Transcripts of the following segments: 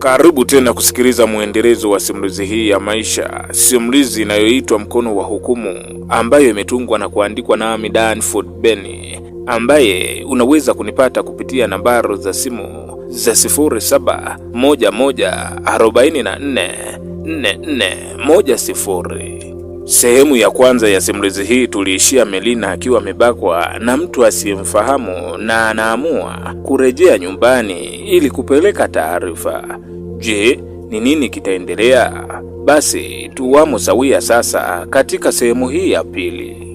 Karibu tena kusikiliza mwendelezo wa simulizi hii ya maisha, simulizi inayoitwa Mkono wa Hukumu, ambayo imetungwa na kuandikwa nami Danford Beni, ambaye unaweza kunipata kupitia nambari za simu za 0711444410. Sehemu ya kwanza ya simulizi hii tuliishia Melina akiwa amebakwa na mtu asiyemfahamu na anaamua kurejea nyumbani ili kupeleka taarifa. Je, ni nini kitaendelea? Basi tuwamo sawia sasa katika sehemu hii ya pili.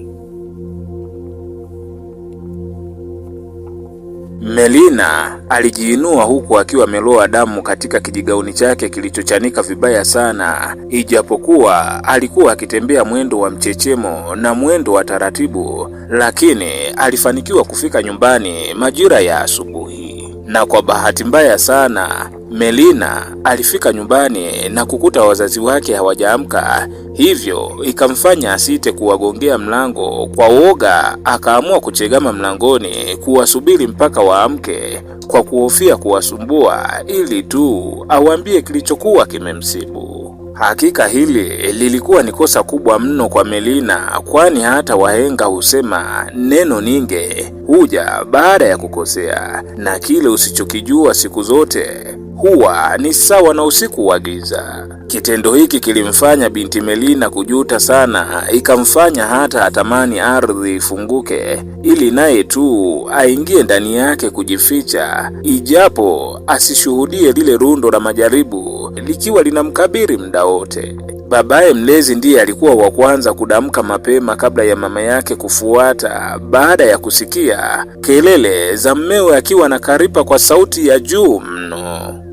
Melina alijiinua huku akiwa ameloa damu katika kijigauni chake kilichochanika vibaya sana, ijapokuwa alikuwa akitembea mwendo wa mchechemo na mwendo wa taratibu, lakini alifanikiwa kufika nyumbani majira ya asubuhi na kwa bahati mbaya sana Melina alifika nyumbani na kukuta wazazi wake hawajaamka, hivyo ikamfanya asite kuwagongea mlango kwa woga. Akaamua kuchegama mlangoni kuwasubiri mpaka waamke kwa kuhofia kuwasumbua ili tu awambie kilichokuwa kimemsibu. Hakika hili lilikuwa ni kosa kubwa mno kwa Melina, kwani hata wahenga husema neno ninge huja baada ya kukosea, na kile usichokijua siku zote huwa ni sawa na usiku wa giza. Kitendo hiki kilimfanya binti Melina kujuta sana, ikamfanya hata atamani ardhi ifunguke ili naye tu aingie ndani yake kujificha, ijapo asishuhudie lile rundo la majaribu likiwa linamkabiri mda wote. Babaye mlezi ndiye alikuwa wa kwanza kudamka mapema kabla ya mama yake kufuata, baada ya kusikia kelele za mmewe akiwa na karipa kwa sauti ya juu mno.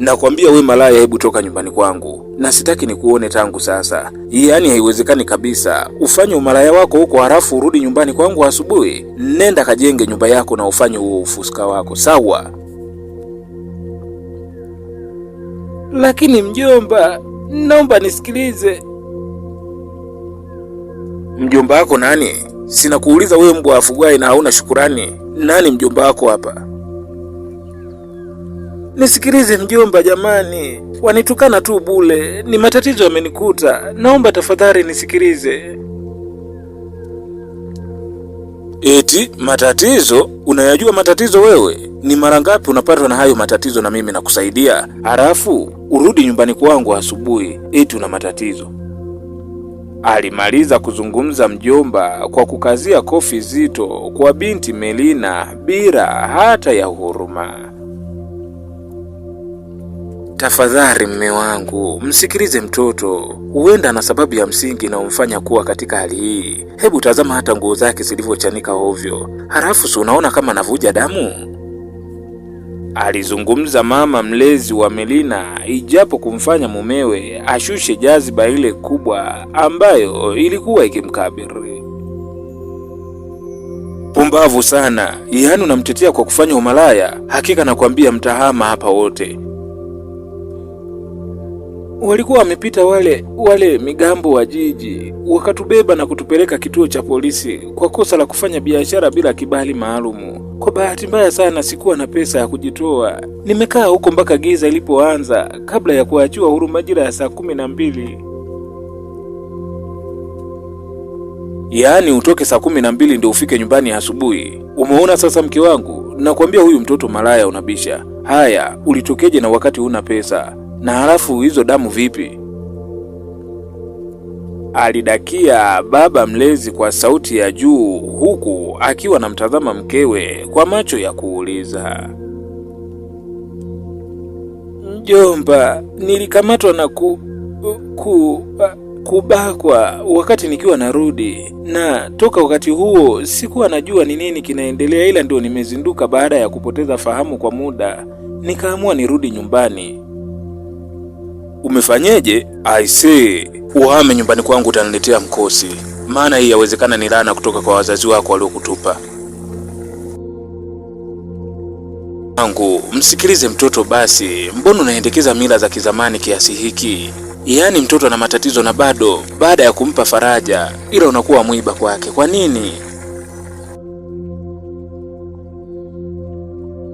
Nakwambia we malaya, hebu toka nyumbani kwangu na sitaki nikuone tangu sasa. Yaani haiwezekani kabisa ufanye umalaya wako huko halafu urudi nyumbani kwangu asubuhi. Nenda kajenge nyumba yako na ufanye huo ufuska wako, sawa? Lakini mjomba, naomba nisikilize. Mjomba wako nani? sinakuuliza wewe mbwa afugwai na hauna shukurani. Nani mjomba wako hapa? Nisikilize mjomba, jamani, wanitukana tu bule, ni matatizo yamenikuta, naomba tafadhali nisikilize. Eti matatizo? Unayajua matatizo wewe? Ni mara ngapi unapatwa na hayo matatizo na mimi nakusaidia, halafu urudi nyumbani kwangu asubuhi eti una matatizo? Alimaliza kuzungumza mjomba kwa kukazia kofi zito kwa binti Melina bila hata ya huruma. Tafadhali mme wangu, msikilize mtoto, huenda ana sababu ya msingi inayomfanya kuwa katika hali hii. Hebu tazama hata nguo zake zilivyochanika ovyo, halafu si unaona kama anavuja damu, alizungumza mama mlezi wa Melina, ijapo kumfanya mumewe ashushe jaziba ile kubwa ambayo ilikuwa ikimkabiri. Pumbavu sana, yaani unamtetea kwa kufanya umalaya? Hakika nakwambia mtahama hapa wote. Walikuwa wamepita wale wale migambo wa jiji, wakatubeba na kutupeleka kituo cha polisi kwa kosa la kufanya biashara bila kibali maalumu. Kwa bahati mbaya sana, sikuwa na pesa ya kujitoa. Nimekaa huko mpaka giza ilipoanza kabla ya kuachiwa huru majira ya saa kumi na mbili. Yaani utoke saa kumi na mbili ndio ufike nyumbani asubuhi. Umeona sasa, mke wangu, nakwambia huyu mtoto malaya unabisha. Haya, ulitokeje na wakati huna pesa? Na halafu hizo damu vipi? Alidakia baba mlezi kwa sauti ya juu, huku akiwa anamtazama mkewe kwa macho ya kuuliza. Mjomba, nilikamatwa na ku, ku, kubakwa wakati nikiwa narudi, na toka wakati huo sikuwa najua ni nini kinaendelea, ila ndio nimezinduka baada ya kupoteza fahamu kwa muda, nikaamua nirudi nyumbani. Umefanyeje? I see. Uhame nyumbani kwangu utaniletea mkosi, maana hii yawezekana ni laana kutoka kwa wazazi wako waliokutupa. Angu, msikilize mtoto basi, mbona unaendekeza mila za kizamani kiasi hiki? Yaani mtoto ana matatizo na bado baada ya kumpa faraja, ila unakuwa mwiba kwake. Kwa nini?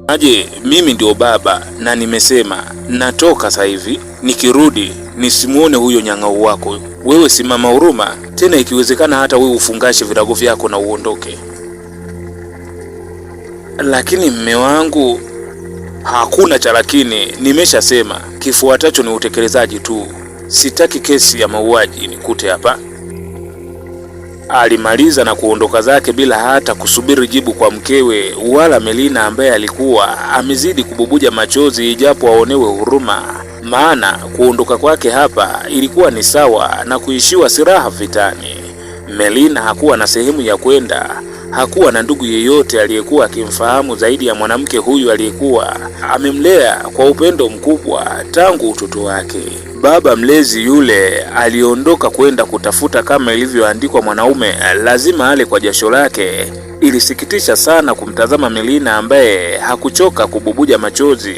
Aje, mimi ndio baba na nimesema natoka sasa hivi nikirudi nisimuone huyo nyang'au wako. Wewe simama huruma, tena ikiwezekana hata wewe ufungashe virago vyako na uondoke. Lakini mme wangu, hakuna cha lakini, nimeshasema. Kifuatacho ni utekelezaji tu. Sitaki kesi ya mauaji nikute hapa. Alimaliza na kuondoka zake bila hata kusubiri jibu kwa mkewe wala Melina ambaye alikuwa amezidi kububuja machozi, ijapo aonewe huruma maana kuondoka kwake hapa ilikuwa ni sawa na kuishiwa silaha vitani. Melina hakuwa na sehemu ya kwenda, hakuwa na ndugu yeyote aliyekuwa akimfahamu zaidi ya mwanamke huyu aliyekuwa amemlea kwa upendo mkubwa tangu utoto wake. Baba mlezi yule aliondoka kwenda kutafuta kama ilivyoandikwa mwanaume lazima ale kwa jasho lake. Ilisikitisha sana kumtazama Melina ambaye hakuchoka kububuja machozi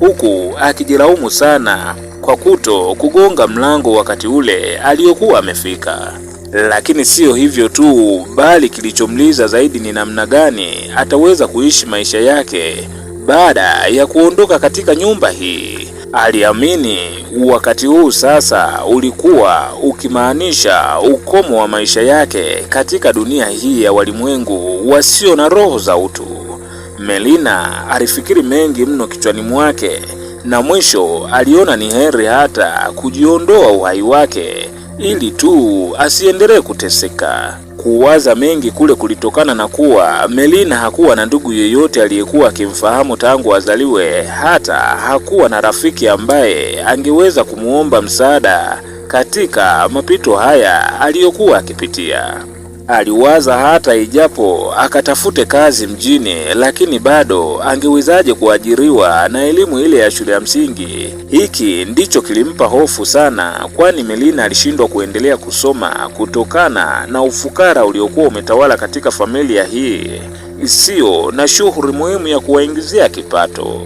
huku akijilaumu sana kwa kuto kugonga mlango wakati ule aliyokuwa amefika. Lakini siyo hivyo tu, bali kilichomliza zaidi ni namna gani ataweza kuishi maisha yake baada ya kuondoka katika nyumba hii. Aliamini wakati huu sasa ulikuwa ukimaanisha ukomo wa maisha yake katika dunia hii ya walimwengu wasio na roho za utu. Melina alifikiri mengi mno kichwani mwake na mwisho aliona ni heri hata kujiondoa uhai wake ili tu asiendelee kuteseka. Kuwaza mengi kule kulitokana na kuwa Melina hakuwa na ndugu yeyote aliyekuwa akimfahamu tangu azaliwe, hata hakuwa na rafiki ambaye angeweza kumwomba msaada katika mapito haya aliyokuwa akipitia. Aliwaza hata ijapo akatafute kazi mjini, lakini bado angewezaje kuajiriwa na elimu ile ya shule ya msingi? Hiki ndicho kilimpa hofu sana, kwani Melina alishindwa kuendelea kusoma kutokana na ufukara uliokuwa umetawala katika familia hii isiyo na shughuli muhimu ya kuwaingizia kipato.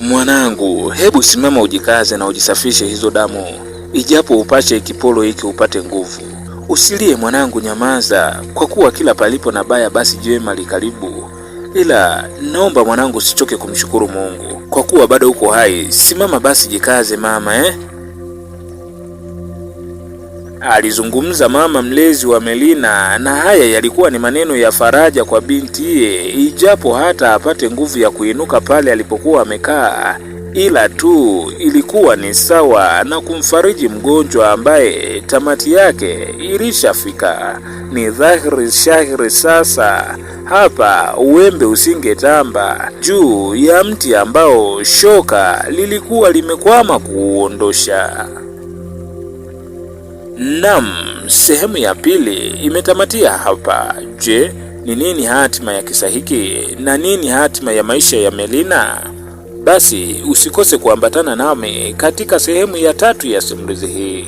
Mwanangu, hebu simama, ujikaze na ujisafishe hizo damu ijapo upashe kipolo hiki upate nguvu. Usilie mwanangu, nyamaza, kwa kuwa kila palipo na baya basi jema likaribu. Ila naomba mwanangu, usichoke kumshukuru Mungu kwa kuwa bado uko hai. Simama basi, jikaze mama eh? Alizungumza mama mlezi wa Melina, na haya yalikuwa ni maneno ya faraja kwa bintiye, ijapo hata apate nguvu ya kuinuka pale alipokuwa amekaa ila tu ilikuwa ni sawa na kumfariji mgonjwa ambaye tamati yake ilishafika. Ni dhahiri shahiri sasa, hapa uembe usingetamba juu ya mti ambao shoka lilikuwa limekwama kuuondosha. Nam, sehemu ya pili imetamatia hapa. Je, ni nini hatima ya kisa hiki na nini hatima ya maisha ya Melina? basi usikose kuambatana nami katika sehemu ya tatu ya simulizi hii.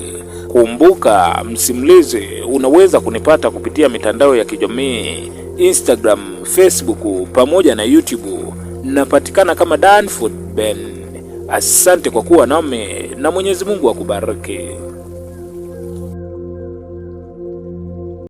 Kumbuka, msimulizi unaweza kunipata kupitia mitandao ya kijamii Instagram, Facebook pamoja na YouTube. Napatikana kama Danford Ben. Asante kwa kuwa nami na Mwenyezi Mungu akubariki.